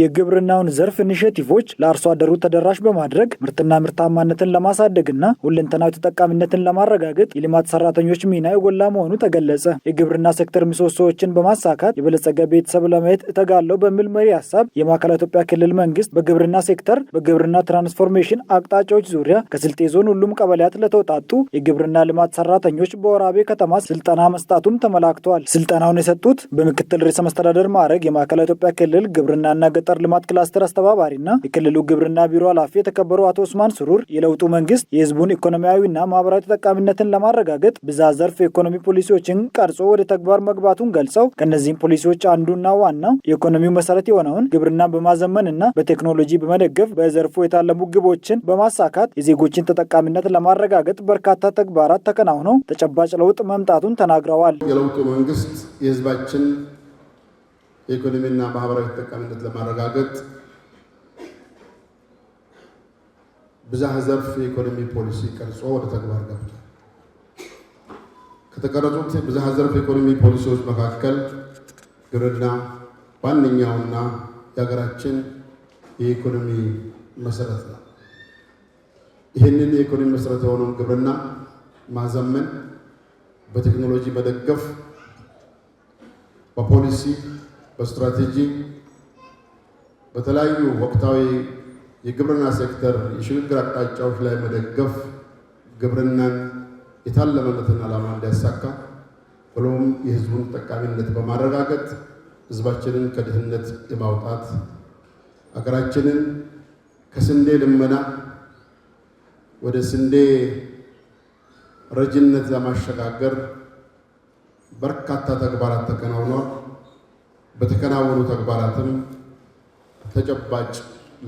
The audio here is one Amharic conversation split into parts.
የግብርናውን ዘርፍ ኢኒሼቲቮች ለአርሶ አደሩ ተደራሽ በማድረግ ምርትና ምርታማነትን ለማሳደግና ሁለንተናዊ ተጠቃሚነትን ለማረጋገጥ የልማት ሰራተኞች ሚና የጎላ መሆኑ ተገለጸ። የግብርና ሴክተር ምሰሶዎችን በማሳካት የበለጸገ ቤተሰብ ለማየት እተጋለሁ በሚል መሪ ሀሳብ የማዕከላዊ ኢትዮጵያ ክልል መንግስት በግብርና ሴክተር በግብርና ትራንስፎርሜሽን አቅጣጫዎች ዙሪያ ከስልጤ ዞን ሁሉም ቀበሌያት ለተውጣጡ የግብርና ልማት ሰራተኞች በወራቤ ከተማ ስልጠና መስጣቱም ተመላክተዋል። ስልጠናውን የሰጡት በምክትል ርዕሰ መስተዳደር ማዕረግ የማዕከላዊ ኢትዮጵያ ክልል ግብርናና ገጠር ልማት ክላስተር አስተባባሪና የክልሉ ግብርና ቢሮ ኃላፊ የተከበሩ አቶ ኡስማን ስሩር የለውጡ መንግስት የህዝቡን ኢኮኖሚያዊና ማህበራዊ ተጠቃሚነትን ለማረጋገጥ ብዛ ዘርፍ የኢኮኖሚ ፖሊሲዎችን ቀርጾ ወደ ተግባር መግባቱን ገልጸው ከእነዚህም ፖሊሲዎች አንዱና ዋናው የኢኮኖሚው መሰረት የሆነውን ግብርና በማዘመንና በቴክኖሎጂ በመደገፍ በዘርፉ የታለሙ ግቦችን በማሳካት የዜጎችን ተጠቃሚነት ለማረጋገጥ በርካታ ተግባራት ተከናውነው ተጨባጭ ለውጥ መምጣቱን ተናግረዋል። የለውጡ መንግስት የህዝባችን የኢኮኖሚና ማህበራዊ ተጠቃሚነት ለማረጋገጥ ብዝሃ ዘርፍ የኢኮኖሚ ፖሊሲ ቀርጾ ወደ ተግባር ገብቷል። ከተቀረጹት ብዝሃ ዘርፍ የኢኮኖሚ ፖሊሲዎች መካከል ግብርና ዋነኛውና የሀገራችን የኢኮኖሚ መሰረት ነው። ይህንን የኢኮኖሚ መሰረት የሆነውን ግብርና ማዘመን፣ በቴክኖሎጂ መደገፍ፣ በፖሊሲ በስትራቴጂ በተለያዩ ወቅታዊ የግብርና ሴክተር የሽግግር አቅጣጫዎች ላይ መደገፍ ግብርናን የታለመለትን ዓላማ እንዲያሳካ ብሎም የሕዝቡን ጠቃሚነት በማረጋገጥ ሕዝባችንን ከድህነት የማውጣት ሀገራችንን ከስንዴ ልመና ወደ ስንዴ ረጅነት ለማሸጋገር በርካታ ተግባራት ተከናውነዋል። በተከናወኑ ተግባራትም ተጨባጭ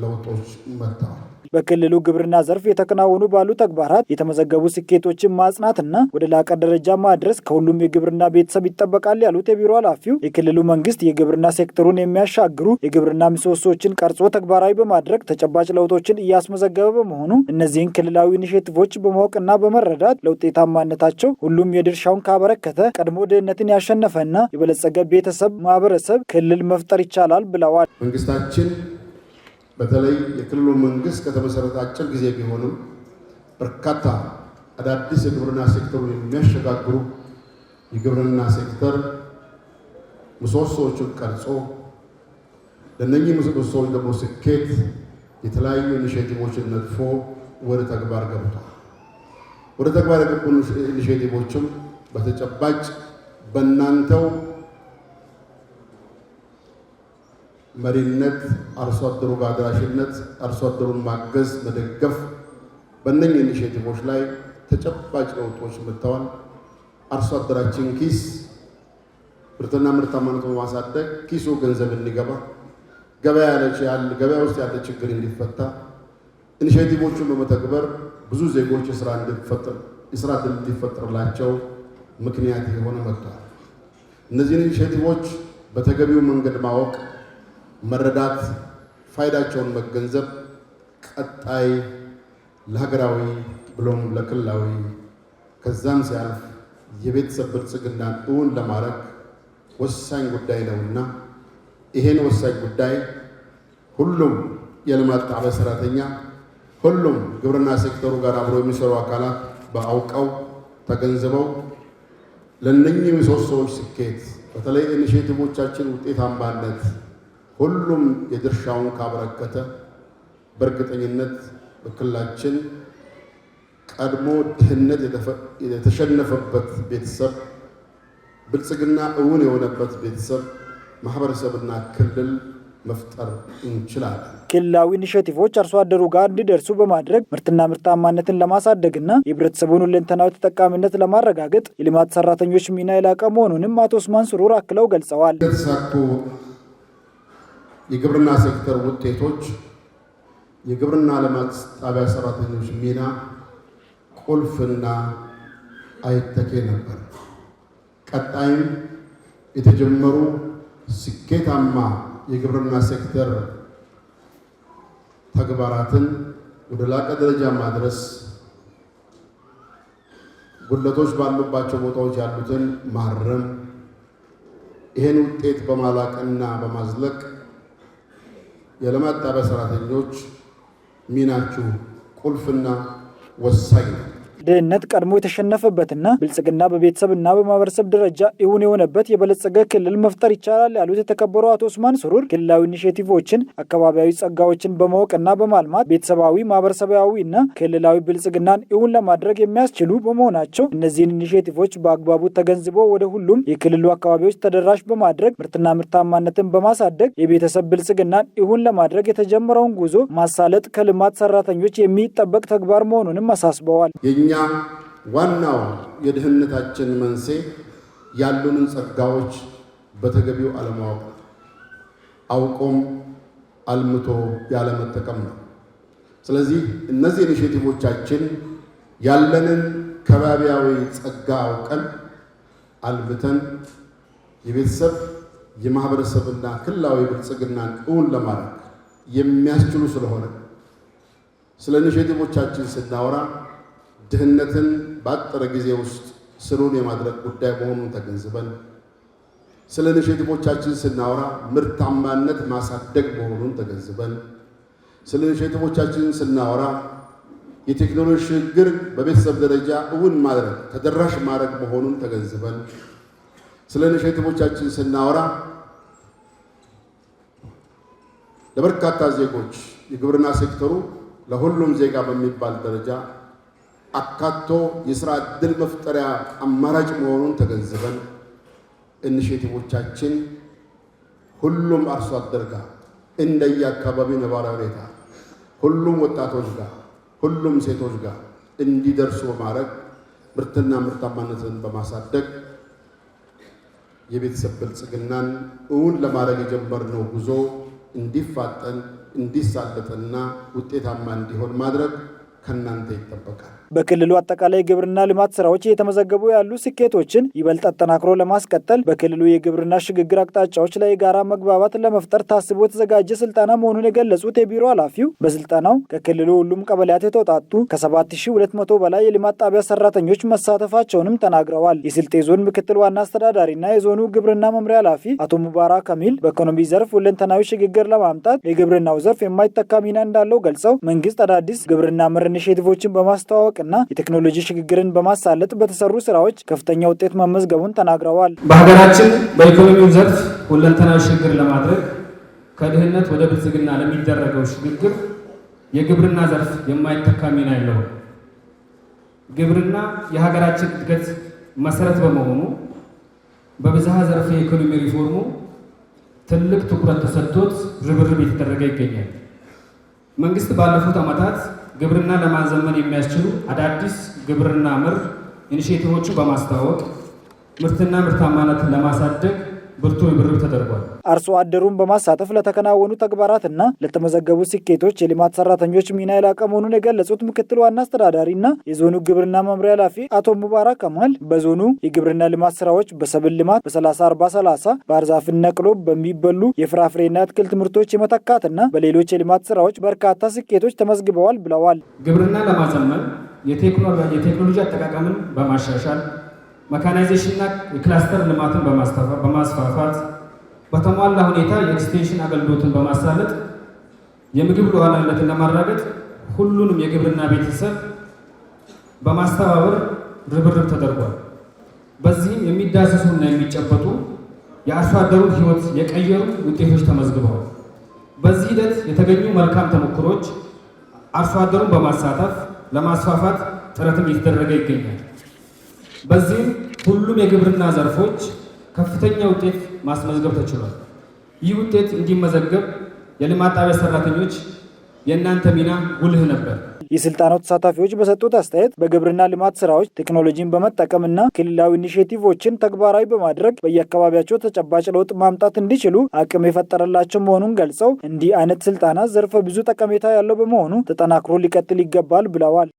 ለውጦች መጥተዋል። በክልሉ ግብርና ዘርፍ የተከናወኑ ባሉ ተግባራት የተመዘገቡ ስኬቶችን ማጽናትና ወደ ላቀ ደረጃ ማድረስ ከሁሉም የግብርና ቤተሰብ ይጠበቃል ያሉት የቢሮ ኃላፊው የክልሉ መንግስት የግብርና ሴክተሩን የሚያሻግሩ የግብርና ምሰሶዎችን ቀርጾ ተግባራዊ በማድረግ ተጨባጭ ለውጦችን እያስመዘገበ በመሆኑ እነዚህን ክልላዊ ኢኒሽቲቮች በማወቅና በመረዳት ለውጤታማነታቸው ሁሉም የድርሻውን ካበረከተ ቀድሞ ድህነትን ያሸነፈና የበለጸገ ቤተሰብ ማህበረሰብ ክልል መፍጠር ይቻላል ብለዋል። መንግስታችን በተለይ የክልሉ መንግስት ከተመሰረተ አጭር ጊዜ ቢሆንም በርካታ አዳዲስ የግብርና ሴክተሩን የሚያሸጋግሩ የግብርና ሴክተር ምሰሶዎቹን ቀርጾ ለእነኚህ ምሰሶዎች ደግሞ ስኬት የተለያዩ ኢኒሼቲቮችን ነድፎ ወደ ተግባር ገብቷል። ወደ ተግባር የገቡ ኢኒሼቲቮችም በተጨባጭ በእናንተው መሪነት፣ አርሶ አደሩ በአድራሽነት አርሶ አደሩን ማገዝ፣ መደገፍ በእነኝህ ኢኒሼቲቮች ላይ ተጨባጭ ለውጦች መጥተዋል። አርሶ አደራችን ኪስ ምርትና ምርታማነቱን በማሳደግ ኪሱ ገንዘብ እንዲገባ ገበያ ገበያ ውስጥ ያለ ችግር እንዲፈታ ኢኒሼቲቮቹን በመተግበር ብዙ ዜጎች የስራ ዕድል እንዲፈጥርላቸው ምክንያት የሆነ መጥተዋል። እነዚህን ኢኒሼቲቮች በተገቢው መንገድ ማወቅ መረዳት፣ ፋይዳቸውን መገንዘብ ቀጣይ ለሀገራዊ ብሎም ለክልላዊ ከዛም ሲያልፍ የቤተሰብ ብልጽግና እውን ለማድረግ ወሳኝ ጉዳይ ነውና ይሄን ወሳኝ ጉዳይ ሁሉም የልማት ጣቢያ ሰራተኛ፣ ሁሉም ግብርና ሴክተሩ ጋር አብሮ የሚሰሩ አካላት በአውቀው ተገንዝበው ለእነኚህ ምሰሶዎች ስኬት በተለይ ኢኒሼቲቮቻችን ውጤታማነት ሁሉም የድርሻውን ካበረከተ በእርግጠኝነት በክልላችን ቀድሞ ድህነት የተሸነፈበት ቤተሰብ ብልጽግና እውን የሆነበት ቤተሰብ ማህበረሰብና ክልል መፍጠር እንችላለን። ክልላዊ ኢኒሼቲቮች አርሶ አደሩ ጋር እንዲደርሱ በማድረግ ምርትና ምርታማነትን ለማሳደግና የህብረተሰቡን ሁለንተናዊ ተጠቃሚነት ለማረጋገጥ የልማት ሰራተኞች ሚና የላቀ መሆኑንም አቶ ኡስማን ስሩር አክለው ገልጸዋል። የግብርና ሴክተር ውጤቶች፣ የግብርና ልማት ጣቢያ ሰራተኞች ሚና ቁልፍና አይተኬ ነበር። ቀጣይም የተጀመሩ ስኬታማ የግብርና ሴክተር ተግባራትን ወደ ላቀ ደረጃ ማድረስ፣ ጉድለቶች ባሉባቸው ቦታዎች ያሉትን ማረም፣ ይህን ውጤት በማላቅና በማዝለቅ የልማት ጣቢያ ሰራተኞች ሚናችሁ ቁልፍና ወሳኝ ነው። ድህነት ቀድሞ የተሸነፈበትና ብልጽግና በቤተሰብና በማህበረሰብ ደረጃ ይሁን የሆነበት የበለጸገ ክልል መፍጠር ይቻላል ያሉት የተከበሩ አቶ ኡስማን ስሩር ክልላዊ ኢኒሽቲቮችን አካባቢያዊ ጸጋዎችን በማወቅና በማልማት ቤተሰባዊ ማህበረሰባዊና ክልላዊ ብልጽግናን ይሁን ለማድረግ የሚያስችሉ በመሆናቸው እነዚህን ኢኒሽቲቮች በአግባቡ ተገንዝቦ ወደ ሁሉም የክልሉ አካባቢዎች ተደራሽ በማድረግ ምርትና ምርታማነትን በማሳደግ የቤተሰብ ብልጽግናን ይሁን ለማድረግ የተጀመረውን ጉዞ ማሳለጥ ከልማት ሰራተኞች የሚጠበቅ ተግባር መሆኑንም አሳስበዋል። ዋናው የድህነታችን መንሴ ያሉንን ጸጋዎች በተገቢው አለማወቅ አውቆም አልምቶ ያለመጠቀም ነው። ስለዚህ እነዚህ ኢኒሽቲቮቻችን ያለንን ከባቢያዊ ጸጋ አውቀን አልብተን የቤተሰብ የማህበረሰብና ክልላዊ ብልጽግናን እውን ለማድረግ የሚያስችሉ ስለሆነ ስለ ኢኒሽቲቮቻችን ስናወራ ድህነትን በአጠረ ጊዜ ውስጥ ስሩን የማድረግ ጉዳይ መሆኑን ተገንዝበን ስለ ኢኒሼቲቮቻችን ስናወራ ምርታማነት ማሳደግ መሆኑን ተገንዝበን ስለ ኢኒሼቲቮቻችን ስናወራ የቴክኖሎጂ ሽግግር በቤተሰብ ደረጃ እውን ማድረግ ተደራሽ ማድረግ መሆኑን ተገንዝበን ስለ ኢኒሼቲቮቻችን ስናወራ ለበርካታ ዜጎች የግብርና ሴክተሩ ለሁሉም ዜጋ በሚባል ደረጃ አካቶ የስራ እድል መፍጠሪያ አማራጭ መሆኑን ተገንዝበን ኢኒሼቲቮቻችን ሁሉም አርሶ አደር ጋር እንደየአካባቢ ነባራዊ ሁኔታ ሁሉም ወጣቶች ጋር ሁሉም ሴቶች ጋር እንዲደርሱ በማድረግ ምርትና ምርታማነትን በማሳደግ የቤተሰብ ብልጽግናን እውን ለማድረግ የጀመርነው ጉዞ እንዲፋጠን እንዲሳለጥና ውጤታማ እንዲሆን ማድረግ ከእናንተ ይጠበቃል። በክልሉ አጠቃላይ የግብርና ልማት ስራዎች እየተመዘገቡ ያሉ ስኬቶችን ይበልጥ አጠናክሮ ለማስቀጠል በክልሉ የግብርና ሽግግር አቅጣጫዎች ላይ የጋራ መግባባት ለመፍጠር ታስቦ የተዘጋጀ ስልጠና መሆኑን የገለጹት የቢሮ ኃላፊው በስልጠናው ከክልሉ ሁሉም ቀበሌያት የተውጣጡ ከ7200 በላይ የልማት ጣቢያ ሰራተኞች መሳተፋቸውንም ተናግረዋል። የስልጤ ዞን ምክትል ዋና አስተዳዳሪና የዞኑ ግብርና መምሪያ ኃላፊ አቶ ሙባራ ከሚል በኢኮኖሚ ዘርፍ ሁለንተናዊ ሽግግር ለማምጣት የግብርናው ዘርፍ የማይተካ ሚና እንዳለው ገልጸው መንግስት አዳዲስ ግብርና ምር ኢኒሽቲቮችን በማስተዋወቅ በማስተዋወቅና የቴክኖሎጂ ሽግግርን በማሳለጥ በተሰሩ ስራዎች ከፍተኛ ውጤት መመዝገቡን ተናግረዋል። በሀገራችን በኢኮኖሚው ዘርፍ ሁለንተናዊ ሽግግር ለማድረግ ከድህነት ወደ ብልጽግና ለሚደረገው ሽግግር የግብርና ዘርፍ የማይተካ ሚና ያለው ግብርና የሀገራችን እድገት መሰረት በመሆኑ በብዝሃ ዘርፍ የኢኮኖሚ ሪፎርሙ ትልቅ ትኩረት ተሰጥቶት ርብርብ እየተደረገ ይገኛል። መንግስት ባለፉት ዓመታት ግብርና ለማዘመን የሚያስችሉ አዳዲስ ግብርና ምር ኢኒሼቲቮቹ በማስተዋወቅ ምርትና ምርታማነትን ለማሳደግ ብርቱ ርብርብ ተደርጓል። አርሶ አደሩን በማሳተፍ ለተከናወኑ ተግባራትና ለተመዘገቡ ስኬቶች የልማት ሰራተኞች ሚና የላቀ መሆኑን የገለጹት ምክትል ዋና አስተዳዳሪና የዞኑ ግብርና መምሪያ ኃላፊ አቶ ሙባራክ ከማል በዞኑ የግብርና ልማት ስራዎች በሰብል ልማት በ304030 ባህርዛፍን ነቅሎ በሚበሉ የፍራፍሬና አትክልት ምርቶች የመተካትና በሌሎች የልማት ስራዎች በርካታ ስኬቶች ተመዝግበዋል ብለዋል። ግብርና ለማዘመን የቴክኖሎጂ አጠቃቀምን በማሻሻል መካናይዜሽንና የክላስተር ልማትን በማስፋፋት በተሟላ ሁኔታ የኤክስቴንሽን አገልግሎትን በማሳለጥ የምግብ ሉዓላዊነትን ለማረጋገጥ ሁሉንም የግብርና ቤተሰብ በማስተባበር ርብርብ ተደርጓል። በዚህም የሚዳሰሱና የሚጨበጡ የአርሶ አደሩን ሕይወት የቀየሩ ውጤቶች ተመዝግበዋል። በዚህ ሂደት የተገኙ መልካም ተሞክሮች አርሶ አደሩን በማሳተፍ ለማስፋፋት ጥረትም እየተደረገ ይገኛል። በዚህም ሁሉም የግብርና ዘርፎች ከፍተኛ ውጤት ማስመዝገብ ተችሏል። ይህ ውጤት እንዲመዘገብ የልማት ጣቢያ ሰራተኞች የእናንተ ሚና ጉልህ ነበር። የስልጠናው ተሳታፊዎች በሰጡት አስተያየት በግብርና ልማት ስራዎች ቴክኖሎጂን በመጠቀምና ክልላዊ ኢኒሽቲቮችን ተግባራዊ በማድረግ በየአካባቢያቸው ተጨባጭ ለውጥ ማምጣት እንዲችሉ አቅም የፈጠረላቸው መሆኑን ገልጸው እንዲህ አይነት ስልጠና ዘርፈ ብዙ ጠቀሜታ ያለው በመሆኑ ተጠናክሮ ሊቀጥል ይገባል ብለዋል።